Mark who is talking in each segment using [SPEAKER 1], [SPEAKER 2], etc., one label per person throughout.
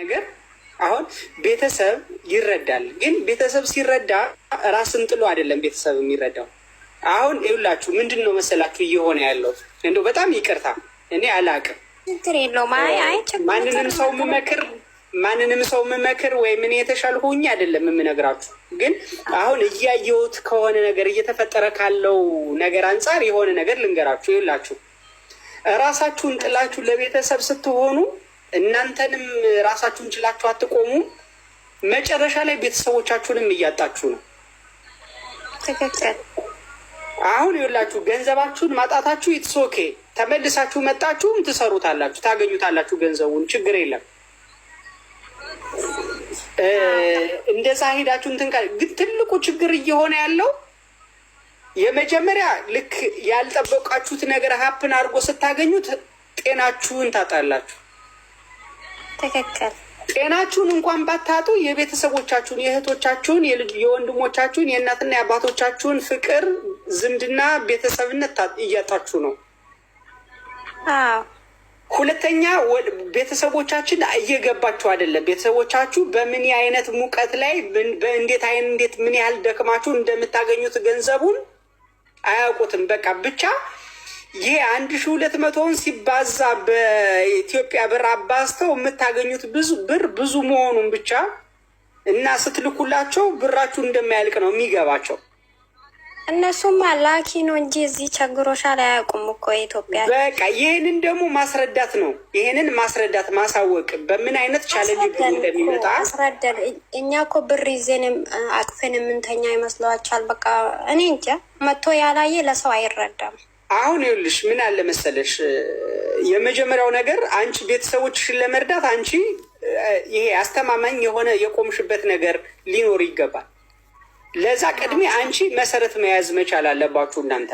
[SPEAKER 1] ነገር አሁን ቤተሰብ ይረዳል። ግን ቤተሰብ ሲረዳ ራስን ጥሎ አይደለም ቤተሰብ የሚረዳው። አሁን ይውላችሁ ምንድን ነው መሰላችሁ እየሆነ ያለው እንደ በጣም ይቅርታ እኔ አላቅም ማንንም ሰው ምመክር ማንንም ሰው ምመክር ወይም እኔ የተሻልኩ ሆኜ አይደለም የምነግራችሁ። ግን አሁን እያየሁት ከሆነ ነገር እየተፈጠረ ካለው ነገር አንጻር የሆነ ነገር ልንገራችሁ። ይውላችሁ እራሳችሁን ጥላችሁ ለቤተሰብ ስትሆኑ እናንተንም ራሳችሁን ችላችሁ አትቆሙ። መጨረሻ ላይ ቤተሰቦቻችሁንም እያጣችሁ ነው። ትክክል። አሁን ይኸውላችሁ ገንዘባችሁን ማጣታችሁ ኢትሶኬ ተመልሳችሁ መጣችሁም ትሰሩታላችሁ፣ ታገኙታላችሁ። ገንዘቡን ችግር የለም። እንደዛ ሄዳችሁ እንትን ግን ትልቁ ችግር እየሆነ ያለው የመጀመሪያ ልክ ያልጠበቃችሁት ነገር ሀፕን አድርጎ ስታገኙት ጤናችሁን ታጣላችሁ። ትክክል። ጤናችሁን እንኳን ባታጡ የቤተሰቦቻችሁን፣ የእህቶቻችሁን፣ የወንድሞቻችሁን፣ የእናትና የአባቶቻችሁን ፍቅር፣ ዝምድና፣ ቤተሰብነት እያጣችሁ ነው። ሁለተኛ ቤተሰቦቻችን እየገባችሁ አይደለም። ቤተሰቦቻችሁ በምን አይነት ሙቀት ላይ በእንዴት አይነት እንዴት ምን ያህል ደክማችሁ እንደምታገኙት ገንዘቡን አያውቁትም። በቃ ብቻ ይህ አንድ ሺ ሁለት መቶውን ሲባዛ በኢትዮጵያ ብር አባዝተው የምታገኙት ብዙ ብር ብዙ መሆኑን ብቻ እና ስትልኩላቸው ብራችሁ እንደማያልቅ ነው የሚገባቸው።
[SPEAKER 2] እነሱም ላኪ ነው እንጂ እዚህ ቸግሮሻል አያውቁም እኮ ኢትዮጵያ።
[SPEAKER 1] በቃ ይህንን ደግሞ ማስረዳት ነው፣ ይህንን ማስረዳት ማሳወቅ፣ በምን አይነት ቻለንጅ እንደሚመጣ
[SPEAKER 2] ማስረዳት። እኛ እኮ ብር ይዘን አቅፍን የምንተኛ ይመስለዋቸዋል። በቃ እኔ እንጃ መጥቶ ያላየ ለሰው አይረዳም።
[SPEAKER 1] አሁን ይኸውልሽ ምን አለ መሰለሽ፣ የመጀመሪያው ነገር አንቺ ቤተሰቦችሽን ለመርዳት አንቺ ይሄ አስተማማኝ የሆነ የቆምሽበት ነገር ሊኖር ይገባል። ለዛ ቅድሜ አንቺ መሰረት መያዝ መቻል አለባችሁ እናንተ።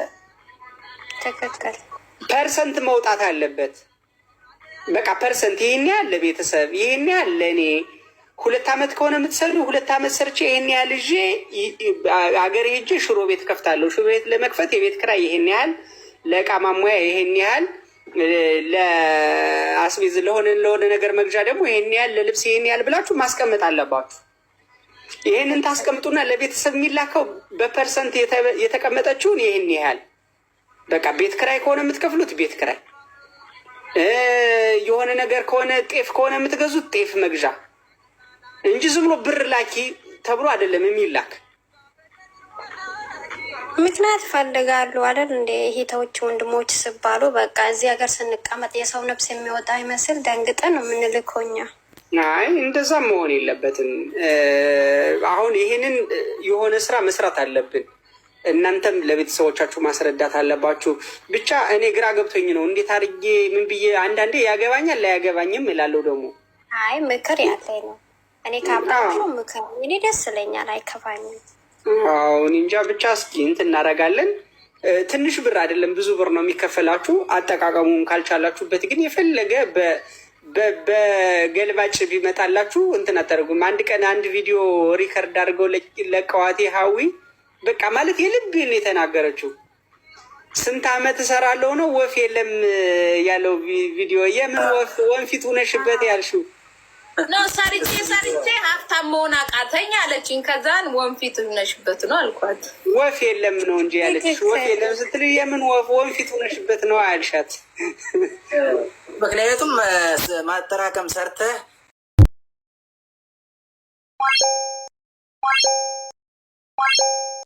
[SPEAKER 1] ትክክል። ፐርሰንት መውጣት አለበት። በቃ ፐርሰንት ይህን ያለ ቤተሰብ፣ ይህን ያለ እኔ ሁለት ዓመት ከሆነ የምትሰሩ ሁለት ዓመት ሰርቼ ይህን ያህል ይዤ ሀገር ሄጄ ሽሮ ቤት ከፍታለሁ። ሽሮ ቤት ለመክፈት የቤት ኪራይ ይህን ያህል ለእቃ ሙያ ይሄን ያህል ለአስቤዝ ለሆነ ለሆነ ነገር መግዣ ደግሞ ይሄን ያህል ለልብስ ይሄን ያህል ብላችሁ ማስቀመጥ አለባችሁ። ይሄንን ታስቀምጡና ለቤተሰብ የሚላከው በፐርሰንት የተቀመጠችውን ይሄን ያህል በቃ ቤት ክራይ ከሆነ የምትከፍሉት ቤት ክራይ፣ የሆነ ነገር ከሆነ ጤፍ ከሆነ የምትገዙት ጤፍ መግዣ እንጂ ዝም ብሎ ብር ላኪ ተብሎ አይደለም የሚላክ
[SPEAKER 2] ምክንያት ፈልጋሉ አይደል? እንደ እህቶች ወንድሞች ስባሉ በቃ እዚህ ሀገር ስንቀመጥ የሰው ነብስ የሚወጣ ይመስል ደንግጠን ነው የምንልከው
[SPEAKER 1] አይ እንደዛ መሆን የለበትም። አሁን ይሄንን የሆነ ስራ መስራት አለብን። እናንተም ለቤተሰቦቻችሁ ማስረዳት አለባችሁ። ብቻ እኔ ግራ ገብቶኝ ነው እንዴት አድርጌ ምን ብዬ አንዳንዴ ያገባኛል ላያገባኝም እላለሁ። ደግሞ
[SPEAKER 2] አይ ምክር ያለኝ ነው እኔ ካብራችሁ ምክር እኔ ደስ ይለኛል አይከፋኝም።
[SPEAKER 1] አዎ እንጃ ብቻ እስኪ እንትን እናደርጋለን። ትንሽ ብር አይደለም ብዙ ብር ነው የሚከፈላችሁ። አጠቃቀሙን ካልቻላችሁበት ግን የፈለገ በገልባጭ ቢመጣላችሁ እንትን አታደርጉም። አንድ ቀን አንድ ቪዲዮ ሪከርድ አድርገው ለቀዋቴ ሀዊ በቃ ማለት የልብን የተናገረችው ስንት ዓመት እሰራለሁ ነው ወፍ የለም ያለው ቪዲዮ የምን ወፍ ወንፊት ሁነሽበት ያልሽው
[SPEAKER 2] ነው ሰርቼ ሰርቼ ሀብታም መሆን አቃተኝ አለችኝ። ከዛን ወንፊት ነሽበት ነው አልኳት።
[SPEAKER 1] ወፍ የለም ነው እንጂ ያለች ወፍ የለም ስትል የምን ወፍ ወንፊት ነሽበት ነው አልሻት። ምክንያቱም ማጠራቀም ሰርተህ Thank